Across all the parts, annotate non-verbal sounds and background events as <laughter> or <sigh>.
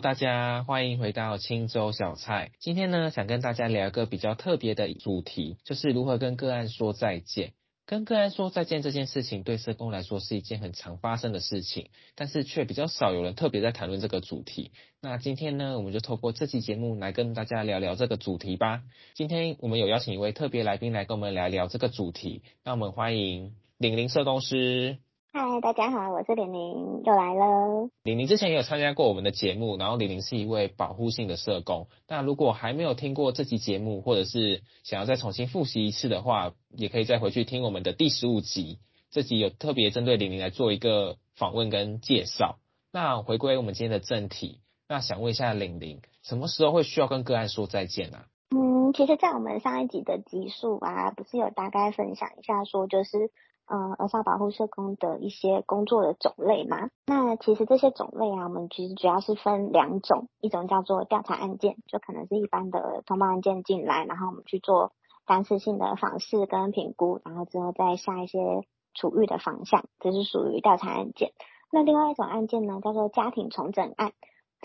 大家歡迎回到清粥小菜。今天呢，想跟大家聊一個比較特別的主題，就是如何跟個案說再見。跟個案說再見這件事情，對社工來說是一件很常發生的事情，但是卻比較少有人特別在談論這個主題。那今天呢，我們就透過這期節目來跟大家聊聊這個主題吧。今天我們有邀請一位特別來賓來跟我們來聊聊這個主題，那我們歡迎00社工師。嗨，大家好，我是玲玲，又來了。玲玲之前也有參加過我們的節目，然後玲玲是一位保護性的社工。那如果還沒有聽過這集節目，或者是想要再重新複習一次的話，也可以再回去聽我們的第十五集。這集有特別針對玲玲來做一個訪問跟介紹。那回歸我們今天的正題，那想問一下玲玲，什麼時候會需要跟個案說再見呢？啊？嗯，其實在我們上一集的集數啊，不是有大概分享一下說就是。呃、嗯，兒少保護社工的一些工作的種類嘛，那其實這些種類啊，我們其實主要是分兩種，一種叫做調查案件，就可能是一般的通報案件進來，然後我們去做單次性的訪視跟評估，然後之後再下一些處遇的方向，這、就是屬於調查案件。那另外一種案件呢，叫做家庭重整案。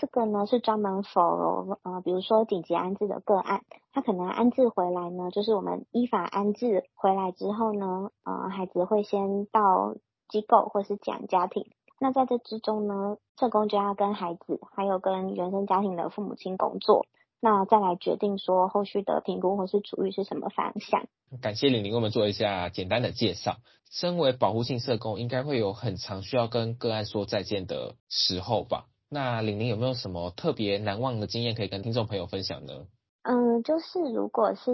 這個呢是專門 for 呃，比如說緊急安置的個案，他可能安置回來呢，就是我們依法安置回來之後呢，呃，孩子會先到機構或是講家庭。那在這之中呢，社工就要跟孩子還有跟原生家庭的父母親工作，那再來決定說後續的評估或是處遇是什麼方向。感謝00給我們做一下簡單的介紹。身為保護性社工，應該會有很常需要跟個案說再見的時候吧？那00有沒有什麼特別難忘的經驗可以跟聽眾朋友分享呢？嗯、呃，就是如果是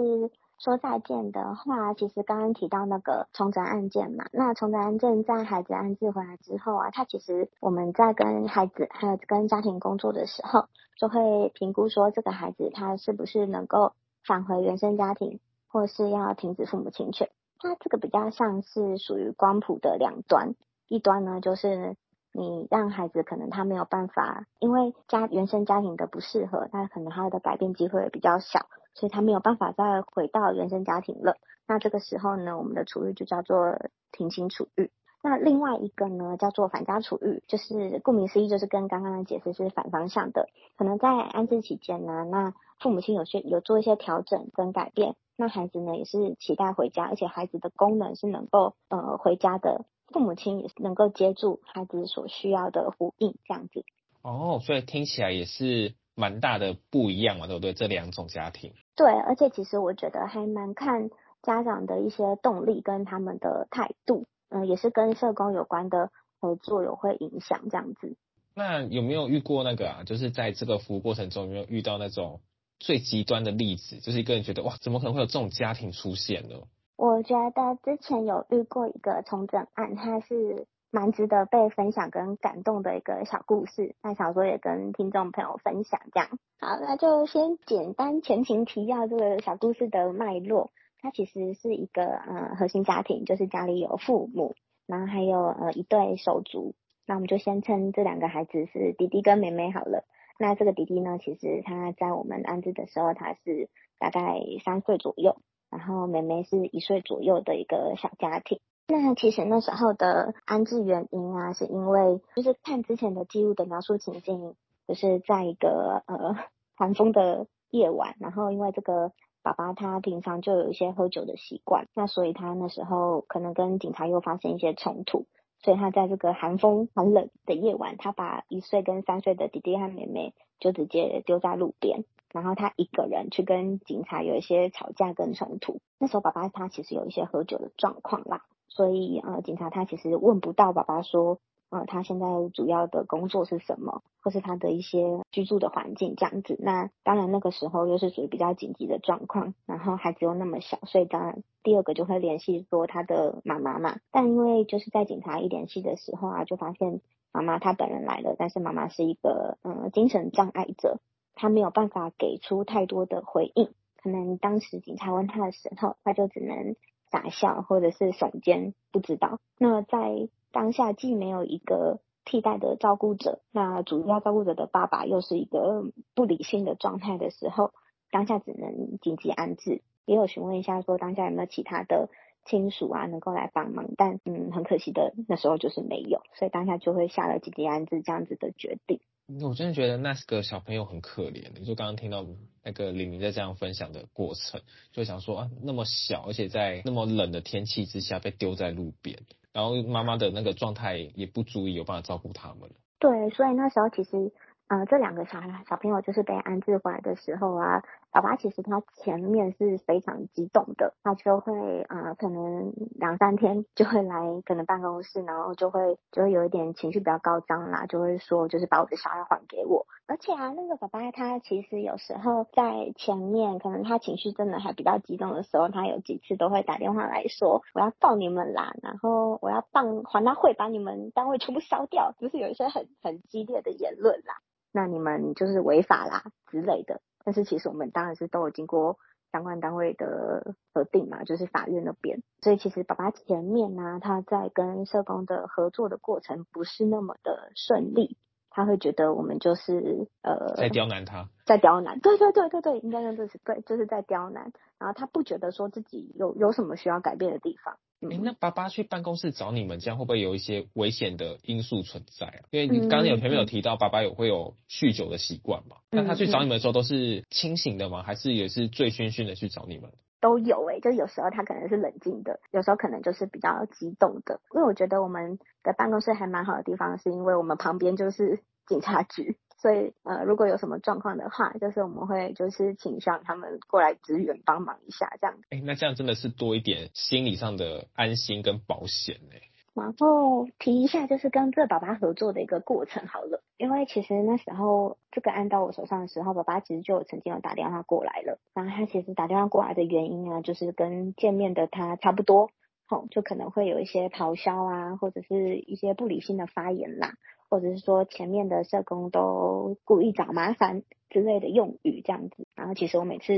說再見的話，其實剛剛提到那個重整案件嘛，那重整案件在孩子安置回來之後啊，他其實我們在跟孩子還有、呃、跟家庭工作的時候，就會評估說這個孩子他是不是能夠返回原生家庭，或是要停止父母親權。他這個比較像是屬於光譜的兩端，一端呢就是。你讓孩子可能他沒有辦法，因為家原生家庭的不適合，那可能他的改變機會也比較小，所以他沒有辦法再回到原生家庭了。那這個時候呢，我們的處遇就叫做停親處遇。那另外一個呢，叫做返家處遇，就是顧名思義，就是跟剛剛的解釋是反方向的。可能在安置期間呢，那父母親有去有做一些調整跟改變，那孩子呢也是期待回家，而且孩子的功能是能夠呃回家的。父母親也是能夠接住孩子所需要的呼應，這樣子。哦，所以聽起來也是蠻大的不一樣嘛，對不對？這兩種家庭。對，而且其實我覺得還蠻看家長的一些動力跟他們的態度，嗯、呃，也是跟社工有關的合作有會影響這樣子。那有沒有遇過那個啊？就是在這個服務過程中有沒有遇到那種最極端的例子？就是一個人覺得，哇，怎麼可能會有這種家庭出現呢？我覺得之前有遇過一個重整案，它是蠻值得被分享跟感動的一個小故事。那想說也跟聽眾朋友分享這樣。好，那就先簡單前情提要這個小故事的脈絡。它其實是一個呃核心家庭，就是家裡有父母，然後還有呃一對手足。那我們就先稱這兩個孩子是弟弟跟妹妹好了。那這個弟弟呢，其實他在我們安置的時候，他是大概三歲左右。然後妹妹是一歲左右的一個小家庭。那其實那時候的安置原因啊，是因為就是看之前的記錄的描述情境，就是在一個呃寒風的夜晚，然後因為這個爸爸他平常就有一些喝酒的習慣，那所以他那時候可能跟警察又發生一些衝突，所以他在這個寒風很冷的夜晚，他把一歲跟三歲的弟弟和妹妹就直接丟在路邊。然後他一個人去跟警察有一些吵架跟衝突。那時候爸爸他其實有一些喝酒的狀況啦，所以呃警察他其實問不到爸爸說，呃他現在主要的工作是什麼，或是他的一些居住的環境這樣子。那當然那個時候又是屬於比較緊急的狀況，然後孩子又那麼小，所以當然第二個就會聯繫說他的媽媽嘛。但因為就是在警察一聯繫的時候啊，就發現媽媽她本人來了，但是媽媽是一個嗯、呃、精神障礙者。他沒有辦法給出太多的回應，可能當時警察問他的時候，他就只能傻笑或者是聳肩，不知道。那在當下既沒有一個替代的照顧者，那主要照顧者的爸爸又是一個不理性的狀態的時候，當下只能緊急安置。也有詢問一下說當下有沒有其他的親屬啊，能夠來幫忙，但嗯，很可惜的，那時候就是沒有，所以當下就會下了緊急安置這樣子的決定。我真的覺得那四個小朋友很可憐，就剛剛聽到那個李明在這樣分享的過程，就想說啊，那麼小，而且在那麼冷的天氣之下被丟在路邊，然後媽媽的那個狀態也不足以有辦法照顧他們了。對，所以那時候其實，啊、呃，這兩個小小朋友就是被安置回來的時候啊。爸爸其實他前面是非常激動的，他就會啊、呃，可能兩三天就會來可能辦公室，然後就會就會有一點情緒比較高漲啦，就會說就是把我的小孩還給我。而且啊，那個爸爸他其實有時候在前面，可能他情緒真的還比較激動的時候，他有幾次都會打電話來說我要告你們啦，然後我要放還他會把你們單位全部燒掉，就是有一些很很激烈的言論啦，那你們就是違法啦之類的。但是其實我們當然是都有經過相關單位的核定嘛，就是法院那邊。所以其實爸爸前面呢，他在跟社工的合作的過程不是那麼的順利，他會覺得我們就是呃，在刁難他，在刁難。對對對對對，應該就是對，就是在刁難。然後他不覺得說自己有有什麼需要改變的地方。哎、欸，那爸爸去辦公室找你們，這樣會不會有一些危險的因素存在啊？因為你剛剛有前面有提到，爸爸有會有酗酒的習慣嘛？那他去找你們的時候都是清醒的嗎？還是也是醉醺醺的去找你們？都有。哎、欸，就有時候他可能是冷靜的，有時候可能就是比較激動的。因為我覺得我們的辦公室還蠻好的地方，是因為我們旁邊就是警察局。所以呃，如果有什麼狀況的話，就是我們會就是請上他們過來支援幫忙一下，這樣。哎，那這樣真的是多一點心理上的安心跟保險呢、欸。然後提一下，就是跟這個爸爸合作的一個過程好了，因為其實那時候這個案到我手上的時候，爸爸其實就曾經有打電話過來了。然後他其實打電話過來的原因啊，就是跟見面的他差不多，好、哦，就可能會有一些咆哮啊，或者是一些不理性的發言啦、啊。或者是說前面的社工都故意找麻煩之類的用語這樣子，然後其實我每次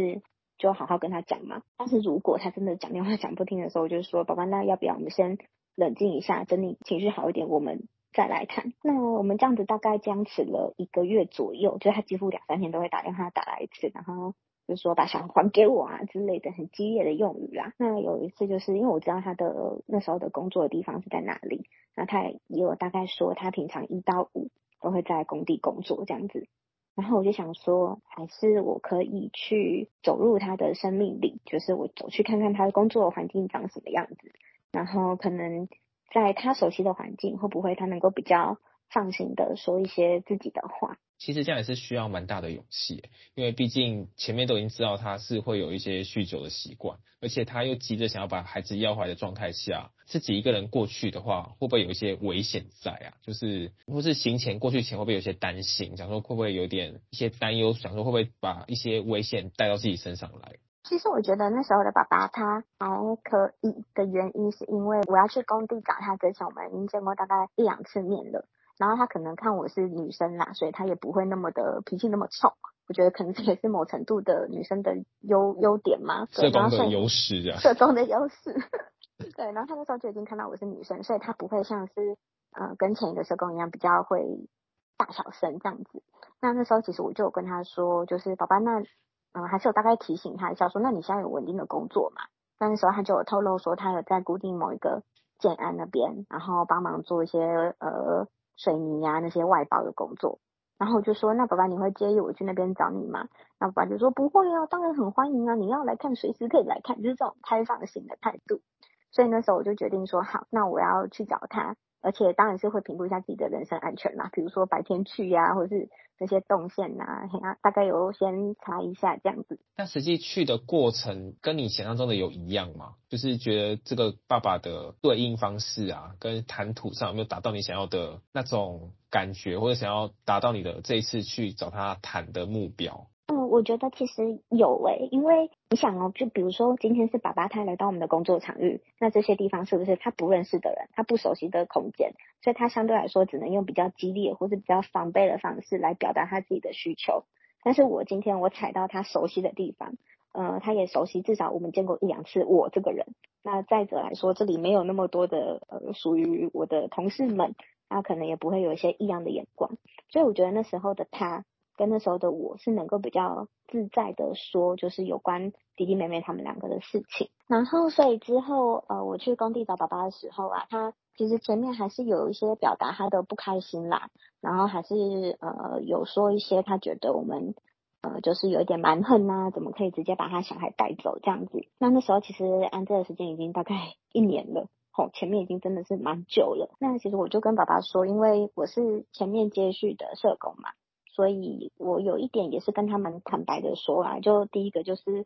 就好好跟他講嘛。但是如果他真的講電話講不聽的時候，我就說，寶寶，那要不要我們先冷靜一下，等你情緒好一點，我們再來看。那我們這樣子大概僵持了一個月左右，就是他幾乎兩三天都會打電話打來一次，然後。就說把小孩還給我啊之類的很激烈的用語啦。那有一次就是因為我知道他的那時候的工作的地方是在哪裡，那他也有大概說他平常一到五都會在工地工作這樣子。然後我就想說，還是我可以去走入他的生命裡，就是我走去看看他的工作環境長什麼樣子，然後可能在他熟悉的環境，會不會他能夠比較。放心的說一些自己的話，其實這樣也是需要蠻大的勇氣，因為畢竟前面都已經知道他是會有一些酗酒的習慣，而且他又急着想要把孩子要回來的狀態下，自己一個人過去的話，會不會有一些危險在啊？就是或是行前過去前，會不會有些擔心，想說會不會有點一些擔憂，想說會不會把一些危險帶到自己身上來？其實我覺得那時候的爸爸他還可以的原因，是因為我要去工地找他之前，我們已經見過大概一兩次面了。然後他可能看我是女生啦，所以他也不會那麼的脾氣那麼衝。我覺得可能這也是某程度的女生的優優點嘛。社工的優勢。社工的優勢。 <laughs> 對，然後他那時候就已經看到我是女生，所以他不會像是嗯、呃、跟前一個社工一樣比較會大小聲這樣子。那那時候其實我就有跟他說，就是寶寶，那嗯、呃、還是有大概提醒他一下，說那你現在有穩定的工作嘛？那，那時候他就有透露說他有在固定某一個建案那邊，然後幫忙做一些呃。水泥呀、啊，那些外包的工作，然後就說，那爸爸你會介意我去那邊找你嗎？那爸爸就說，不會啊，當然很歡迎啊，你要來看隨時可以來看，就是這種開放型的態度。所以那時候我就決定說，好，那我要去找他，而且當然是會評估一下自己的人身安全啦，比如說白天去呀、啊，或是。那些動線吶，啊，大概有先查一下這樣子。那實際去的過程跟你想象中的有一樣嗎？就是覺得這個爸爸的對應方式啊，跟談吐上有沒有達到你想要的那種感覺，或者想要達到你的這一次去找他談的目標？我覺得其實有誒，因為你想哦，就比如說今天是爸爸他來到我們的工作場域，那這些地方是不是他不認識的人，他不熟悉的空間，所以他相對來說只能用比較激烈或是比較防備的方式來表達他自己的需求。但是我今天我踩到他熟悉的地方，呃，他也熟悉，至少我們見過一兩次我這個人。那再者來說，這裡沒有那麼多的呃屬於我的同事們，他可能也不會有一些異樣的眼光。所以我覺得那時候的他跟那時候的我是能夠比較自在的說，就是有關弟弟妹妹他們兩個的事情。然後，所以之後呃，我去工地找爸爸的時候啊，他其實前面還是有一些表達他的不開心啦，然後還是呃有說一些他覺得我們呃就是有一點蠻橫吶，怎麼可以直接把他小孩帶走這樣子。那那時候其實安置的時間已經大概一年了，哦，前面已經真的是蠻久了。那其實我就跟爸爸說，因為我是前面接續的社工嘛。所以我有一點也是跟他們坦白的說啊，就第一個就是，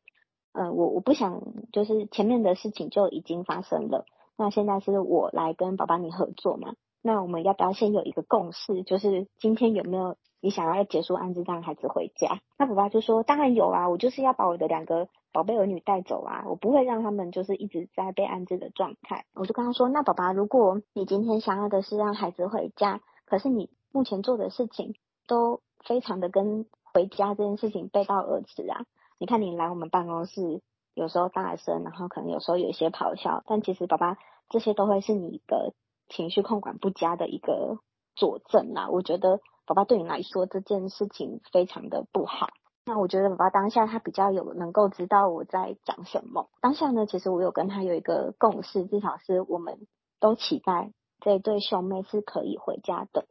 呃，我我不想就是前面的事情就已經發生了。那現在是我來跟爸爸你合作嘛。那我們要不要先有一個共識？就是今天有沒有你想要結束安置，讓孩子回家？那爸爸就說當然有啊，我就是要把我的兩個寶貝兒女帶走啊，我不會讓他們就是一直在被安置的狀態。我就跟他說，那爸爸，如果你今天想要的是讓孩子回家，可是你目前做的事情都非常的跟回家這件事情背道而馳啊！你看你來我們辦公室，有時候大聲，然後可能有時候有一些咆哮，但其實寶寶這些都會是你的情緒控管不佳的一個佐證啊！我覺得寶寶對你來說這件事情非常的不好。那我覺得寶寶當下他比較有能夠知道我在講什麼，當下呢，其實我有跟他有一個共識，至少是我們都期待這一對兄妹是可以回家的。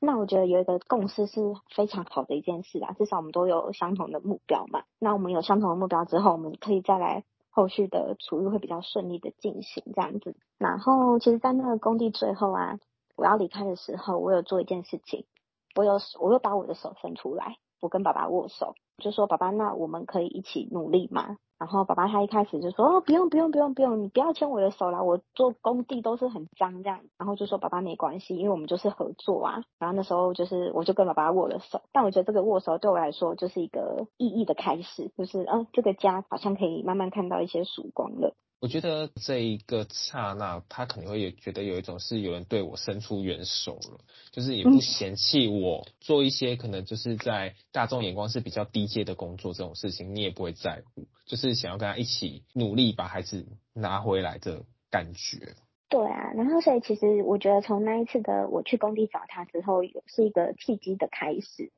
那我覺得有一個共識是非常好的一件事啦、啊，至少我們都有相同的目標嘛。那我們有相同的目標之後，我們可以再來後續的處遇會比較順利的進行這樣子。然後，其實，在那個工地最後啊，我要離開的時候，我有做一件事情，我有我又把我的手伸出來。我跟爸爸握手，就說：“爸爸，那我們可以一起努力嗎？”然後爸爸他一開始就說：“哦，不用，不用，不用，不用，你不要牽我的手啦，我做工地都是很髒這樣。”然後就說：“爸爸沒關係，因為我們就是合作啊。”然後那時候就是我就跟爸爸握了手，但我覺得這個握手對我來說就是一個意義的開始，就是嗯，這個家好像可以慢慢看到一些曙光了。我覺得這一個剎那，他可能會也覺得有一種是有人對我伸出援手了，就是也不嫌棄我做一些可能就是在大眾眼光是比較低階的工作這種事情，你也不會在乎，就是想要跟他一起努力把孩子拿回來的感覺。對啊，然後所以其實我覺得從那一次的我去工地找他之後，是一個契機的開始。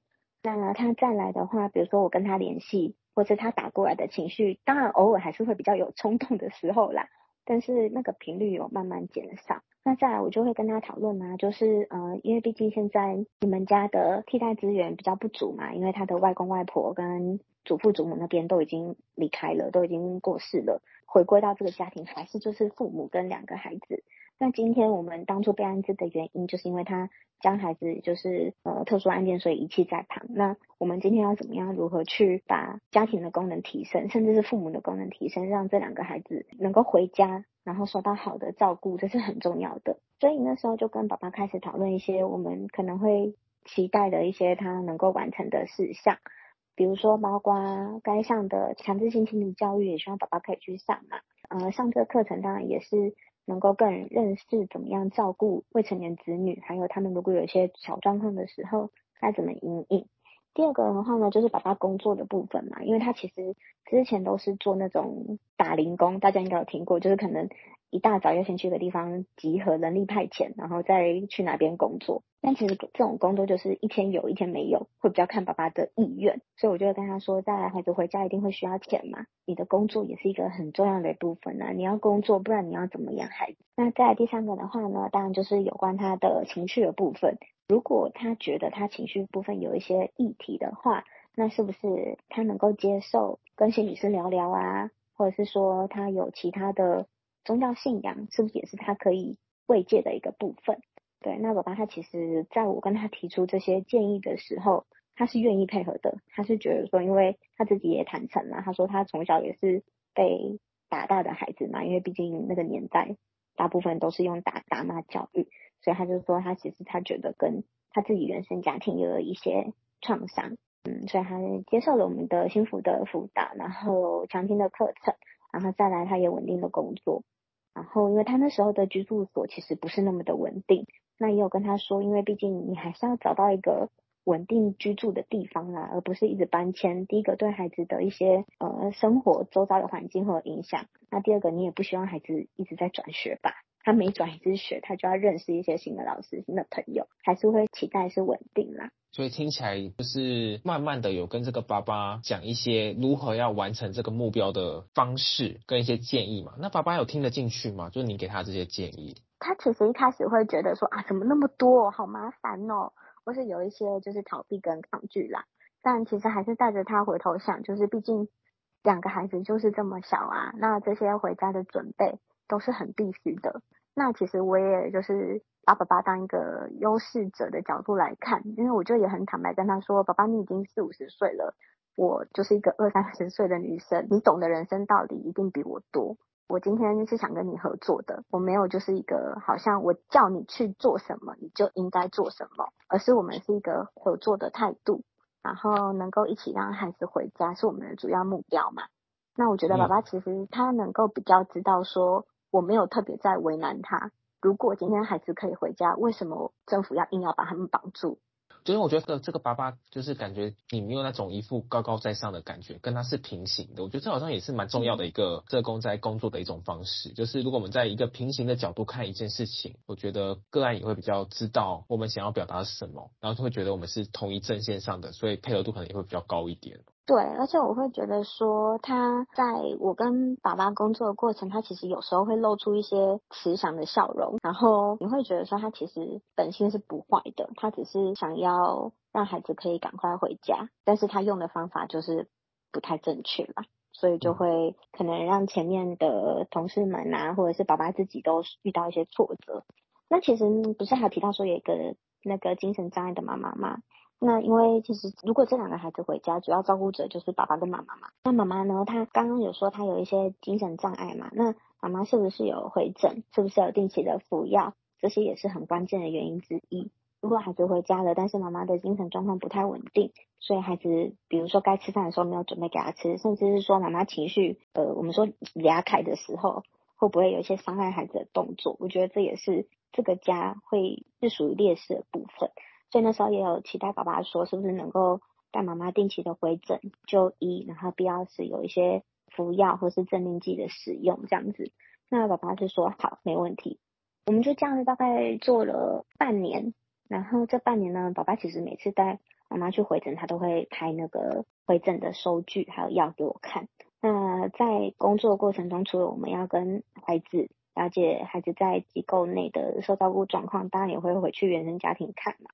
那他再來的話，比如說我跟他聯繫。或者他打過來的情緒，當然偶爾還是會比較有衝動的時候啦，但是那個頻率有慢慢減少。那再來，我就會跟他討論嘛，就是呃，因為畢竟現在你們家的替代資源比較不足嘛，因為他的外公外婆跟祖父祖母那邊都已經離開了，都已經過世了，回歸到這個家庭還是就是父母跟兩個孩子。那今天我們當初被安置的原因，就是因為他將孩子就是呃特殊案件，所以遺棄在旁。那我們今天要怎麼樣，如何去把家庭的功能提升，甚至是父母的功能提升，讓這兩個孩子能夠回家，然後受到好的照顧，這是很重要的。所以那時候就跟寶寶開始討論一些我們可能會期待的一些他能夠完成的事項，比如說包括該上的強制性心理教育，也希望寶寶可以去上嘛。呃，上這個課程當然也是。能夠更認識怎麼樣照顧未成年子女，還有他們如果有一些小狀況的時候該怎麼應對。第二個的話呢，就是爸爸工作的部分嘛，因為他其實之前都是做那種打零工，大家應該有聽過，就是可能。一大早要先去的地方集合人力派遣，然後再去那邊工作。但其實這種工作就是一天有，一天沒有，會比較看爸爸的意願。所以我就跟他說：“再來孩子回家一定會需要錢嘛，你的工作也是一個很重要的部分吶、啊，你要工作，不然你要怎麼養孩子？”那再來第三個的話呢，當然就是有關他的情緒的部分。如果他覺得他情緒部分有一些議題的話，那是不是他能夠接受跟心理師聊聊啊？或者是說他有其他的？宗教信仰是不是也是他可以慰藉的一個部分？對，那老爸，爸他其實在我跟他提出這些建議的時候，他是願意配合的。他是覺得說，因為他自己也坦誠了，他說他從小也是被打大的孩子嘛，因為畢竟那個年代大部分都是用打打罵教育，所以他就說他其實他覺得跟他自己原生家庭有了一些創傷，嗯，所以他接受了我們的幸福的輔導，然後強聽的課程。然後再來，他也穩定的工作，然後因為他那時候的居住所其實不是那麼的穩定，那也有跟他說，因為畢竟你還是要找到一個穩定居住的地方啦，而不是一直搬遷。第一個對孩子的一些呃生活周遭的環境會有影響，那第二個你也不希望孩子一直在轉學吧。他每轉一次學，他就要認識一些新的老師、新的朋友，還是會期待是穩定啦。所以聽起來就是慢慢的有跟這個爸爸講一些如何要完成這個目標的方式跟一些建議嘛。那爸爸有聽得進去嗎？就是你給他這些建議，他其實一開始會覺得說啊，怎麼那麼多哦，好麻煩哦，或是有一些就是逃避跟抗拒啦。但其實還是帶着他回頭想，就是畢竟兩個孩子就是這麼小啊，那這些要回家的準備。都是很必須的。那其實我也就是把爸爸當一個優勢者的角度來看，因為我就也很坦白跟他說：“爸爸，你已經四五十歲了，我就是一個二三十歲的女生，你懂的人生道理一定比我多。我今天是想跟你合作的，我沒有就是一個好像我叫你去做什麼你就應該做什麼，而是我們是一個合作的態度，然後能夠一起讓孩子回家是我們的主要目標嘛。那我覺得爸爸其實他能夠比較知道說。嗯”我沒有特別在為難他。如果今天孩子可以回家，為什麼政府要硬要把他們綁住？就是我覺得這個爸爸，就是感覺你沒有那種一副高高在上的感覺，跟他是平行的。我覺得這好像也是蠻重要的一個社工在工作的一種方式。嗯。就是如果我們在一個平行的角度看一件事情，我覺得個案也會比較知道我們想要表達什麼，然後就會覺得我們是同一陣線上的，所以配合度可能也會比較高一點。對，而且我會覺得說，他在我跟爸爸工作的過程，他其實有時候會露出一些慈祥的笑容，然後你會覺得說，他其實本性是不壞的，他只是想要讓孩子可以趕快回家，但是他用的方法就是不太正確嘛，所以就會可能讓前面的同事們啊，或者是爸爸自己都遇到一些挫折。那其實不是還提到說有一個那個精神障礙的媽媽嗎？那因為其實如果這兩個孩子回家，主要照顧者就是爸爸跟媽媽嘛。那媽媽呢，她剛剛有說她有一些精神障礙嘛。那媽媽是不是有回診？是不是有定期的服藥？這些也是很關鍵的原因之一。如果孩子回家了，但是媽媽的精神狀況不太穩定，所以孩子比如說該吃飯的時候沒有準備給他吃，甚至是說媽媽情緒呃、我們說牙開的時候，會不會有一些傷害孩子的動作？我覺得這也是這個家會是屬於劣勢的部分。所以那時候也有期待，爸爸說是不是能夠帶媽媽定期的回診就醫，然後必要時有一些服藥或是鎮定劑的使用這樣子。那爸爸就說好，沒問題。我們就這樣子大概做了半年，然後這半年呢，爸爸其實每次帶媽媽去回診，他都會拍那個回診的收據還有藥給我看。那在工作過程中，除了我們要跟孩子了解孩子在機構內的受照顧狀況，當然也會回去原生家庭看嘛。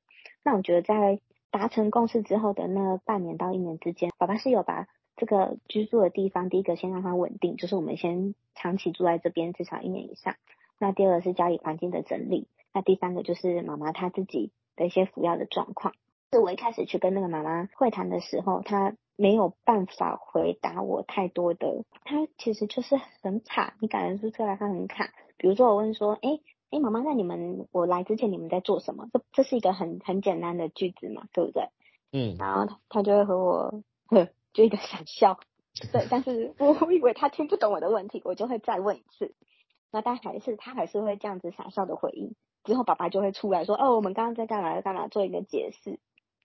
那我覺得，在達成共識之後的那半年到一年之間，爸爸是有把這個居住的地方，第一個先讓它穩定，就是我們先長期住在這邊至少一年以上。那第二個是家裡環境的整理，那第三個就是媽媽她自己的一些服藥的狀況。是我一開始去跟那個媽媽會談的時候，她沒有辦法回答我太多的，她其實就是很卡，你感覺是出來她很卡。比如說我問說，哎。哎、欸，媽媽，那你們我來之前你們在做什麼？這這是一個很很簡單的句子嘛，對不對？嗯，然後他就會和我呵就一個傻笑，對，但是我以為他聽不懂我的問題，我就會再問一次，那但還是他還是會這樣子傻笑的回應。之後爸爸就會出來說，哦，我們剛剛在幹嘛？幹嘛？做一個解釋。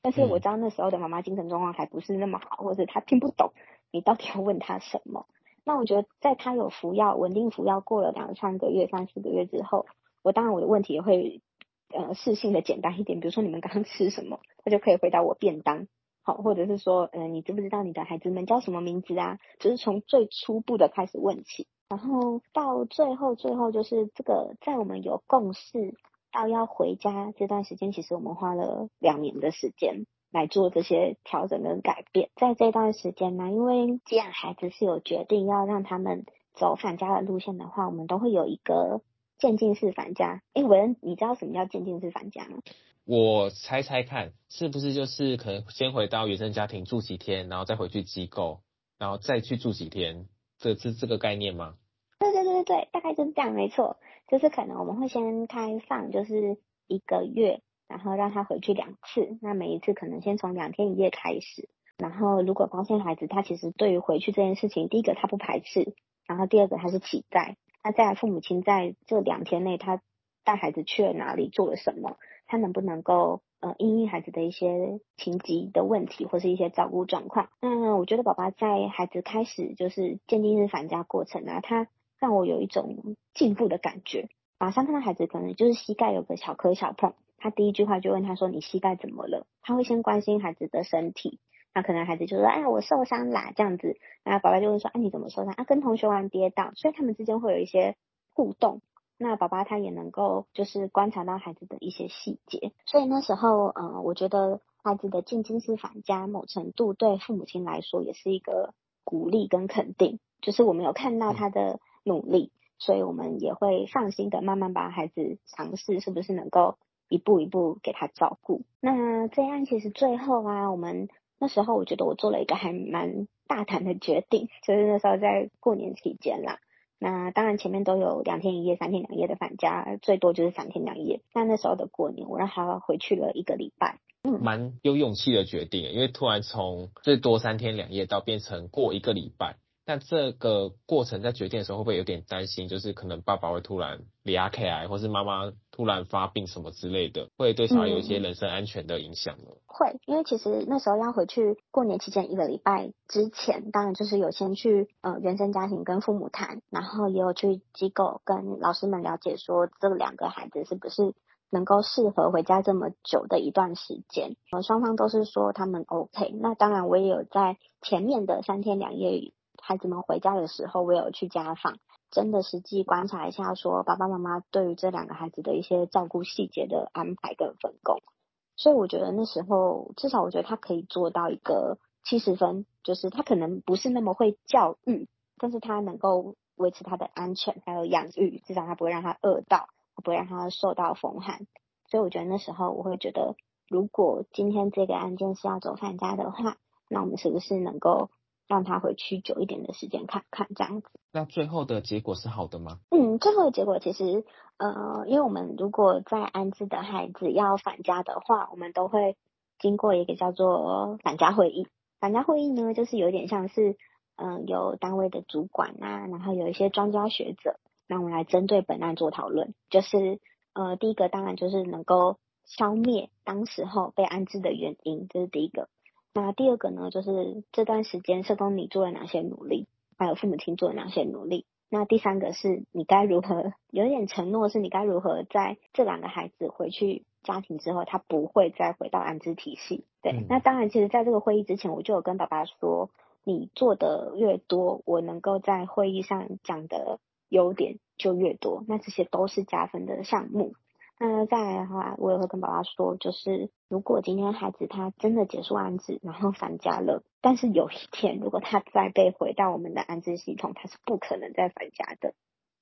但是我知道那時候的媽媽精神狀況還不是那麼好，或者他聽不懂你到底要問他什麼。那我覺得在他有服藥、穩定服藥過了兩三個月、三四個月之後。我當然，我的問題也會，呃，事性的簡單一點，比如說你們剛剛吃什麼，他就可以回答我便當，好，或者是說，嗯、呃，你知不知道你的孩子們叫什麼名字啊？就是從最初步的開始問起，然後到最後，最後就是這個，在我們有共識到要回家這段時間，其實我們花了兩年的時間來做這些調整跟改變。在這段時間呢，因為既然孩子是有決定要讓他們走返家的路線的話，我們都會有一個。漸進式返家，哎，文，你知道什麼叫漸進式返家嗎？我猜猜看，是不是就是可能先回到原生家庭住幾天，然後再回去機構，然後再去住幾天，這是這個概念嗎？對對對對對，大概就是這樣，沒錯，就是可能我們會先開放，就是一個月，然後讓他回去兩次，那每一次可能先從兩天一夜開始，然後如果發現孩子他其實對於回去這件事情，第一個他不排斥，然後第二個他是期待。那再來父母親在這兩天內，他帶孩子去了哪裡，做了什麼？他能不能夠呃，因應孩子的一些情急的問題或是一些照顧狀況？那我覺得，寶寶在孩子開始就是漸進式返家過程呢、啊，他讓我有一種進步的感覺。馬上看到孩子可能就是膝蓋有個小磕小碰，他第一句話就問他說：“你膝蓋怎麼了？”他會先關心孩子的身體。那可能孩子就說：“哎呀，我受傷啦。這樣子，那寶爸就會說：“哎、啊，你怎麼受傷啊？跟同學玩跌倒。”所以他們之間會有一些互動。那寶爸他也能夠就是觀察到孩子的一些細節。所以那時候，嗯、呃，我覺得孩子的漸進式返家某程度對父母親來說也是一個鼓勵跟肯定，就是我們有看到他的努力，所以我們也會放心的慢慢把孩子嘗試是不是能夠一步一步給他照顧。那這樣其實最後啊，我們。那時候我覺得我做了一個還蠻大膽的決定，就是那時候在過年期間啦。那當然前面都有兩天一夜，三天兩夜的返家，最多就是三天兩夜。但那時候的過年，我讓他回去了一個禮拜。嗯，蠻有勇氣的決定，因為突然從最多三天兩夜到變成過一個禮拜。但這個過程在決定的時候，會不會有點擔心？就是可能爸爸會突然罹癌，或是媽媽突然發病什麼之類的，會對小孩有一些人身安全的影響呢？嗯嗯，會，因為其實那時候要回去過年期間一個禮拜之前，當然就是有先去呃原生家庭跟父母談，然後也有去機構跟老師們了解，說這兩個孩子是不是能夠適合回家這麼久的一段時間？呃，雙方都是說他們 OK。那當然，我也有在前面的三天兩夜雨。孩子們回家的時候，我有去家訪，真的實際觀察一下，說爸爸媽媽對於這兩個孩子的一些照顧細節的安排跟分工。所以我覺得那時候，至少我覺得他可以做到一個七十分，就是他可能不是那麼會教育，但是他能夠維持他的安全還有養育，至少他不會讓他餓到，不會讓他受到風寒。所以我覺得那時候我會覺得，如果今天這個案件是要走返家的話，那我們是不是能夠？讓他回去久一點的時間看看，看這樣子。那最後的結果是好的嗎？嗯，最後的結果其實，呃，因為我們如果在安置的孩子要返家的話，我們都會經過一個叫做返家會議。返家會議呢，就是有點像是，嗯、呃，有單位的主管啊，然後有一些專家學者，那我們來針對本案做討論。就是，呃，第一個當然就是能夠消滅當時候被安置的原因，這、就是第一個。那第二個呢，就是這段時間社工你做了哪些努力，還有父母親做了哪些努力？那第三個是你該如何，有一點承諾是你該如何在這兩個孩子回去家庭之後，他不會再回到安置體系？對，嗯、那當然，其實在這個會議之前，我就有跟爸爸說，你做的越多，我能夠在會議上講的優點就越多，那這些都是加分的項目。那、呃、再來的話，我也會跟爸爸說，就是如果今天孩子他真的結束安置，然後返家了，但是有一天如果他再被回到我們的安置系統，他是不可能再返家的。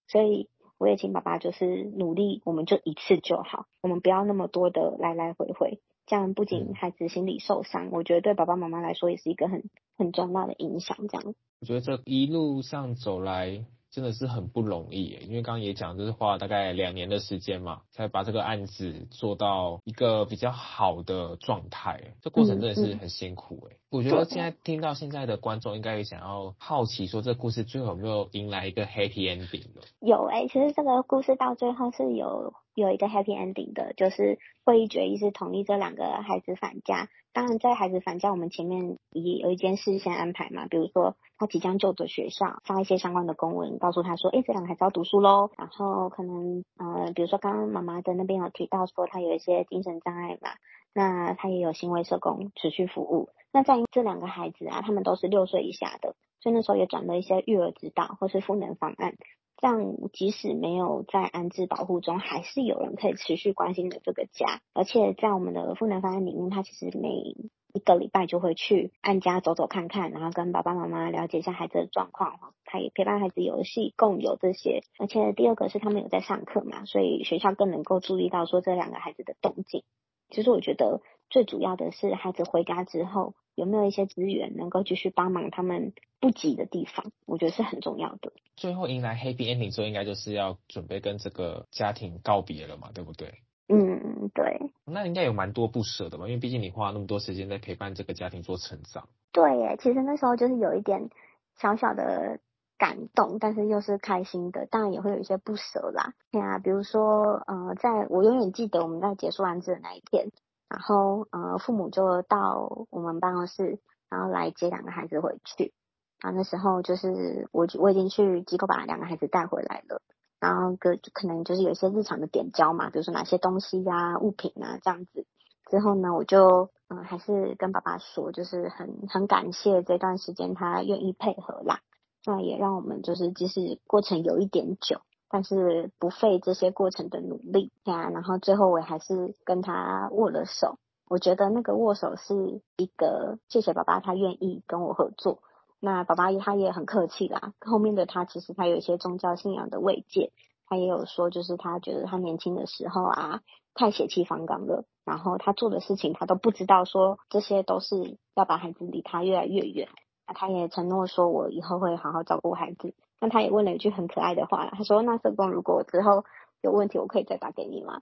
所以我也請爸爸就是努力，我們就一次就好，我們不要那麼多的來來回回，這樣不僅孩子心理受傷、嗯，我覺得對爸爸媽媽來說也是一個很很重要的影響。這樣。我覺得這一路上走來。真的是很不容易，欸，因為剛剛也講，就是花了大概兩年的時間嘛，才把這個案子做到一個比較好的狀態。這個過程真的是很辛苦，欸嗯嗯，我覺得現在聽到現在的觀眾應該也想要好奇，說這個故事最後有沒有迎來一個 happy ending？有哎，欸，其實這個故事到最後是有，有一個 happy ending 的，就是會議決議是同意這兩個孩子返家。當然，在孩子返家，我們前面也有一件事先安排嘛，比如說他即將就讀學校，發一些相關的公文，告訴他說，哎、欸，這兩個孩子要讀書嘍。然後可能呃，比如說剛剛媽媽在那邊有提到說，他有一些精神障礙嘛，那他也有行為社工持續服務。那在這兩個孩子啊，他們都是六歲以下的，所以那時候也轉了一些育兒指導或是賦能方案。像即使沒有在安置保護中，還是有人可以持續關心着這個家。而且，在我們的復能方案裡面，他其實每一個禮拜就會去案家走走看看，然後跟爸爸媽媽了解一下孩子的狀況。他也陪伴孩子遊戲，共有這些。而且第二個是他們有在上課嘛，所以學校更能夠注意到說這兩個孩子的動靜。其實我覺得。最主要的是，孩子回家之後有沒有一些資源能夠繼續幫忙他們不及的地方，我覺得是很重要的。最後迎來 Happy Ending 之後，應該就是要準備跟這個家庭告別了嘛，對不對？嗯，對。那應該有蠻多不捨的吧，因為畢竟你花了那麼多時間在陪伴這個家庭做成長。對耶，其實那時候就是有一點小小的感動，但是又是開心的，當然也會有一些不捨啦。對啊，比如說呃，在我永遠記得我們在結束案子的那一天。然後呃，父母就到我們辦公室，然後來接兩個孩子回去。啊，那時候就是我我已經去機構把兩個孩子帶回來了，然後就可能就是有一些日常的點交嘛，比如說哪些東西呀、啊、物品啊這樣子。之後呢，我就嗯、呃、還是跟爸爸說，就是很很感謝這段時間他願意配合啦，那也讓我們就是即使過程有一點久。但是不費這些過程的努力呀、啊，然後最後我還是跟他握了手。我覺得那個握手是一個謝謝爸爸，他願意跟我合作。那爸爸他也很客氣啦。後面的他其實他有一些宗教信仰的慰藉，他也有說，就是他覺得他年輕的時候啊，太血氣方剛了。然後他做的事情，他都不知道說這些都是要把孩子離他越來越遠。那他也承諾說，我以後會好好照顧孩子。那他也問了一句很可愛的話，他說：“那社工如果之後有問題，我可以再打給你嗎？”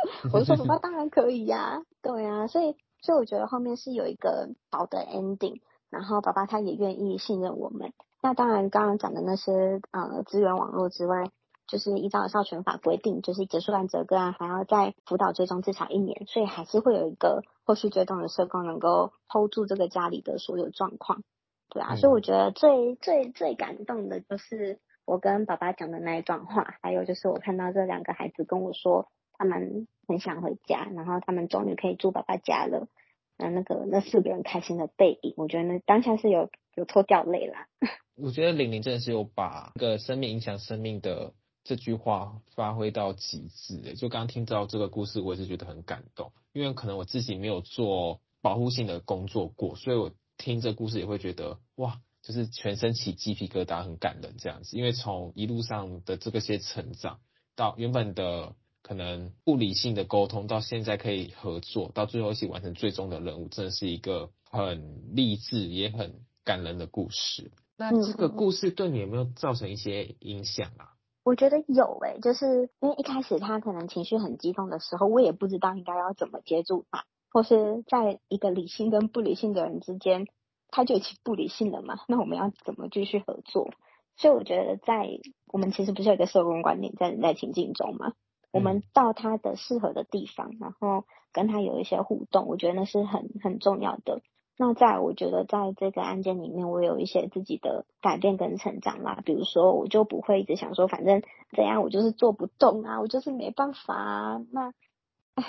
<laughs> 我就說：“爸爸 <laughs> 當然可以呀、啊，對呀、啊，所以，所以我覺得後面是有一個好的 ending。然後，爸爸他也願意信任我們。那當然，剛剛講的那些呃資源網絡之外，就是依照兒少權法規定，就是結束安置個啊，還要再輔導追蹤至少一年，所以還是會有一個後續追蹤的社工能夠 hold 住這個家裡的所有狀況。對啊，所以我覺得最、嗯、最最，最感動的就是我跟爸爸講的那一段話，還有就是我看到這兩個孩子跟我說他們很想回家，然後他們終於可以住爸爸家了，那那個那四個人開心的背影，我覺得那當下是有有脫掉淚啦。我覺得玲玲真的是有把個生命影響生命的這句話發揮到極致、欸，就剛聽到這個故事，我也是覺得很感動，因為可能我自己沒有做保護性的工作過，所以我。聽這故事也會覺得哇，就是全身起雞皮疙瘩，很感人這樣子。因為從一路上的這個些成長，到原本的可能不理性的溝通，到現在可以合作，到最後一起完成最終的任務，真的是一個很勵志也很感人的故事。那這個故事對你有沒有造成一些影響啊？我覺得有誒、欸，就是因為一開始他可能情緒很激動的時候，我也不知道應該要怎麼接住他。或是在一個理性跟不理性的人之間，他就已經不理性了嘛，那我們要怎麼繼續合作？所以我覺得在，在我們其實不是有一個社工觀點，在人在情境中嘛，我們到他的適合的地方，然後跟他有一些互動，我覺得那是很很重要的。那再，我覺得在這個案件裡面，我有一些自己的改變跟成長啦。比如說，我就不會一直想說，反正怎樣，我就是做不動啊，我就是沒辦法啊。那，唉。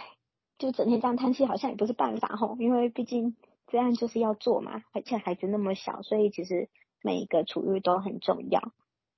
就整天這樣嘆氣，好像也不是辦法吼，因為畢竟這樣就是要做嘛，而且孩子那麼小，所以其實每一個處遇都很重要。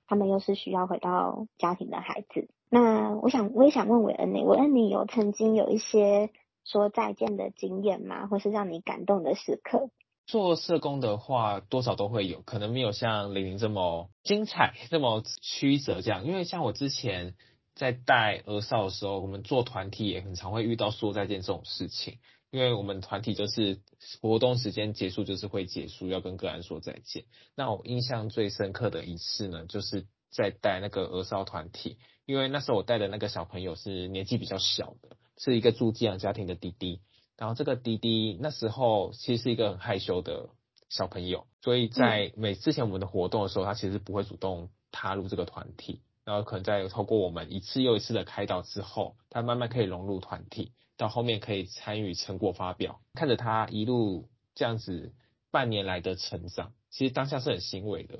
他們又是需要回到家庭的孩子，那我想我也想問韋恩妮，韋恩妮有曾經有一些說再見的經驗嗎，或是讓你感動的時刻？做社工的話，多少都會有，可能沒有像玲玲這麼精彩、這麼曲折這樣，因為像我之前。在帶兒少的時候，我們做團體也很常會遇到說再見這種事情，因為我們團體就是活動時間結束就是會結束，要跟個案說再見。那我印象最深刻的一次呢，就是在帶那個兒少團體，因為那時候我帶的那個小朋友是年紀比較小的，是一個住寄養家庭的弟弟。然後這個弟弟那時候其實是一個很害羞的小朋友，所以在每之前我們的活動的時候，他其實不會主動踏入這個團體。然後可能在透過我們一次又一次的開導之後，他慢慢可以融入團體，到後面可以參與成果發表，看着他一路這樣子半年來的成長，其實當下是很欣慰的。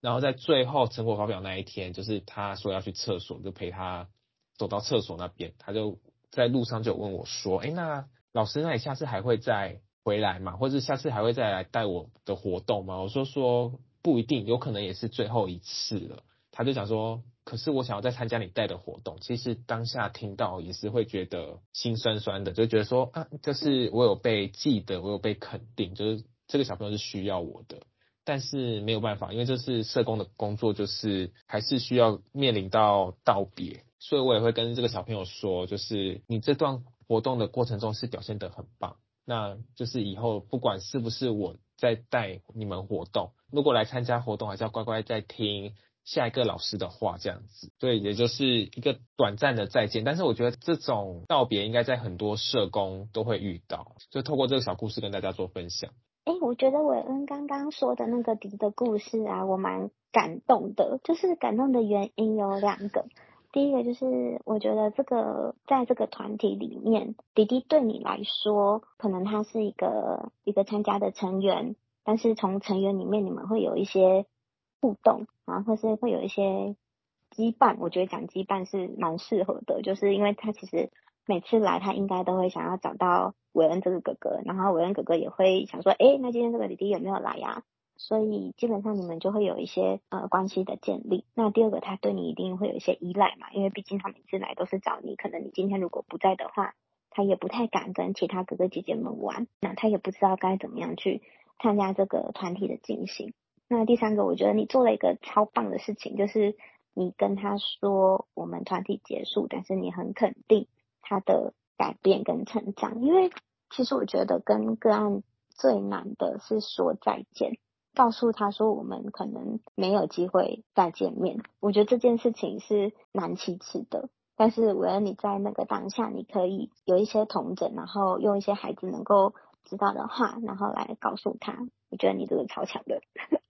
然後在最後成果發表那一天，就是他說要去廁所，就陪他走到廁所那邊，他就在路上就問我說：“哎，那老師，那你下次還會再回來嗎？或者下次還會再來帶我的活動嗎？”我說，說：“說不一定，有可能也是最後一次了。”他就想說。可是我想要再參加你帶的活動，其實當下聽到也是會覺得心酸酸的，就覺得說啊，就是我有被記得，我有被肯定，就是這個小朋友是需要我的，但是沒有辦法，因為這是社工的工作，就是還是需要面臨到道別，所以我也會跟這個小朋友說，就是你這段活動的過程中是表現得很棒，那就是以後不管是不是我在帶你們活動，如果來參加活動還是要乖乖在聽。下一個老師的話，這樣子，對，也就是一個短暫的再見。但是我覺得這種道別應該在很多社工都會遇到，就透過這個小故事跟大家做分享。誒、欸，我覺得偉恩剛剛說的那個迪的故事啊，我蠻感動的。就是感動的原因有兩個，第一個就是我覺得這個在這個團體裡面，迪迪對你來說，可能他是一個一個參加的成員，但是從成員裡面，你們會有一些互動，然後或是會有一些羈絆，我覺得講羈絆是蠻適合的，就是因為他其實每次來，他應該都會想要找到韋恩這個哥哥，然後韋恩哥哥也會想說，誒，那今天這個弟弟有沒有來呀、啊？所以基本上你們就會有一些呃關係的建立。那第二個，他對你一定會有一些依賴嘛，因為畢竟他每次來都是找你，可能你今天如果不在的話，他也不太敢跟其他哥哥姐姐們玩，那他也不知道該怎麼樣去參加這個團體的進行。那第三個，我覺得你做了一個超棒的事情，就是你跟他說我們團體結束，但是你很肯定他的改變跟成長。因為其實我覺得跟個案最難的是說再見，告訴他說我們可能沒有機會再見面。我覺得這件事情是難啟齒的，但是我覺得你在那個當下，你可以有一些同理，然後用一些孩子能夠知道的話，然後來告訴他。我覺得你這個超強的，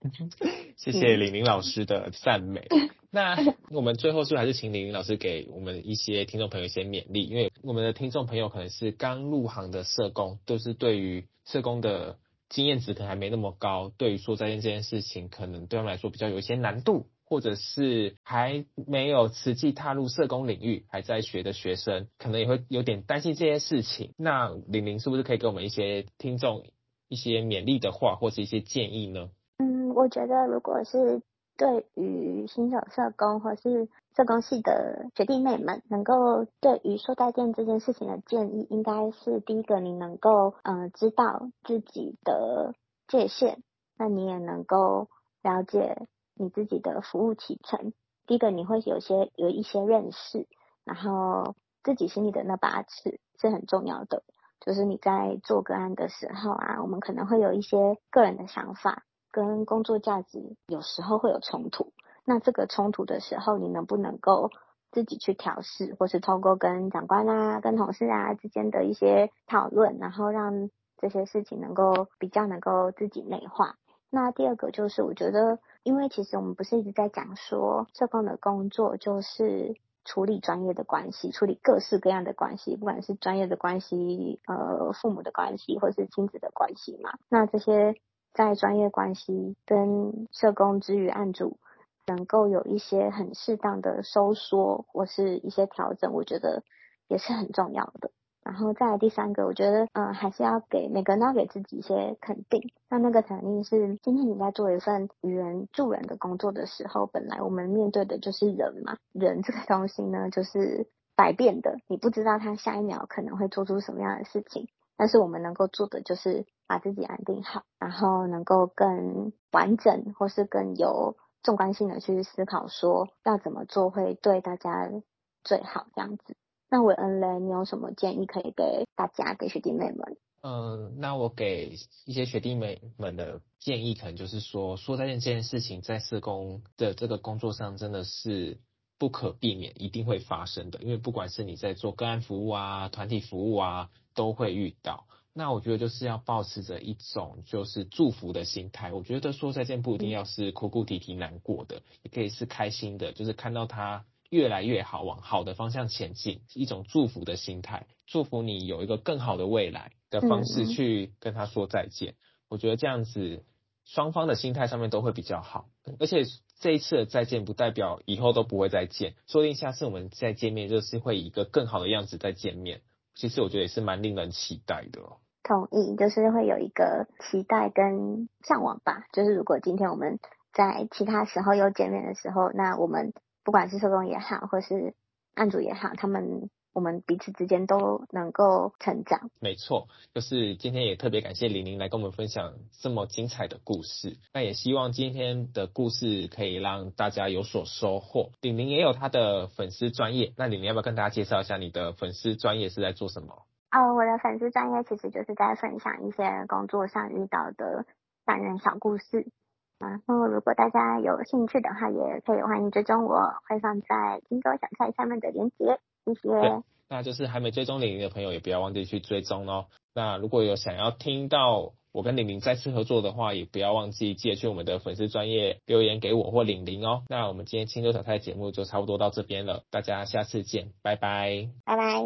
<laughs> 謝謝李玲老師的讚美、嗯。那我們最後是不是還是請李玲老師給我們一些聽眾朋友一些勉勵？因為我們的聽眾朋友可能是剛入行的社工，都是對於社工的經驗值可能還沒那麼高，對於說再見這件事情，可能對他們來說比較有一些難度，或者是還沒有實際踏入社工領域，還在學的學生，可能也會有點擔心這些事情。那李玲是不是可以給我們一些聽眾？一些勉勵的話，或者一些建議呢？嗯，我覺得如果是對於新手社工或是社工系的學弟妹們，能夠對於說再見這件事情的建議，應該是第一個，你能夠嗯、呃、知道自己的界限，那你也能夠了解你自己的服務起程，第一個你會有些有一些認識，然後自己心裡的那把尺是很重要的。就是你在做個案的時候啊，我們可能會有一些個人的想法跟工作價值，有時候會有衝突。那這個衝突的時候，你能不能夠自己去調試，或是透過跟長官啊、跟同事啊之間的一些討論，然後讓這些事情能夠比較能夠自己內化？那第二個就是，我覺得，因為其實我們不是一直在講說社工的工作就是。處理專業的關係，處理各式各樣的關係，不管是專業的關係、呃父母的關係，或是親子的關係嘛，那這些在專業關係跟社工之餘，案主能夠有一些很適當的收縮，或是一些調整，我覺得也是很重要的。然後再來第三個，我覺得，嗯，還是要給每個人都要給自己一些肯定。那那個肯定是，今天你在做一份語言助人的工作的時候，本來我們面對的就是人嘛。人這個東西呢，就是百變的，你不知道他下一秒可能會做出什麼樣的事情。但是我們能夠做的就是把自己安定好，然後能夠更完整或是更有縱觀性的去思考說，說要怎麼做會對大家最好這樣子。那韋恩雷，你有什麼建議可以給大家給學弟妹們？嗯、呃，那我給一些學弟妹們的建議，可能就是說，說再見這件事情在社工的這個工作上真的是不可避免，一定會發生的。因為不管是你在做個案服務啊、團體服務啊，都會遇到。那我覺得就是要保持着一種就是祝福的心態。我覺得說再見不一定要是哭哭啼啼難過的、嗯，也可以是開心的，就是看到他，越來越好，往好的方向前進，一種祝福的心態，祝福你有一個更好的未來的方式去跟他說再見。嗯、我覺得這樣子，雙方的心態上面都會比較好、嗯。而且這一次的再見不代表以後都不會再見，說不定下次我們再見面就是會以一個更好的樣子再見面。其實我覺得也是蠻令人期待的。同意，就是會有一個期待跟向往吧。就是如果今天我們在其他時候又見面的時候，那我們。不管是社工也好，或是案主也好，他們我們彼此之間都能夠成長。沒錯，就是今天也特別感謝00來跟我們分享這麼精彩的故事。那也希望今天的故事可以讓大家有所收穫。00也有她的粉絲專頁，那00要不要跟大家介紹一下你的粉絲專頁是在做什麼？啊、oh，我的粉絲專頁其實就是在分享一些工作上遇到的感人小故事。然後，如果大家有興趣的話，也可以歡迎追蹤我，會放在《清粥小菜》下面的連結。謝謝。對。那就是還沒追蹤00的朋友，也不要忘記去追蹤哦。那如果有想要聽到我跟00再次合作的話，也不要忘記記得去我們的粉絲專頁留言給我或00哦。那我們今天《清粥小菜》節目就差不多到這邊了，大家下次見，拜拜。拜拜。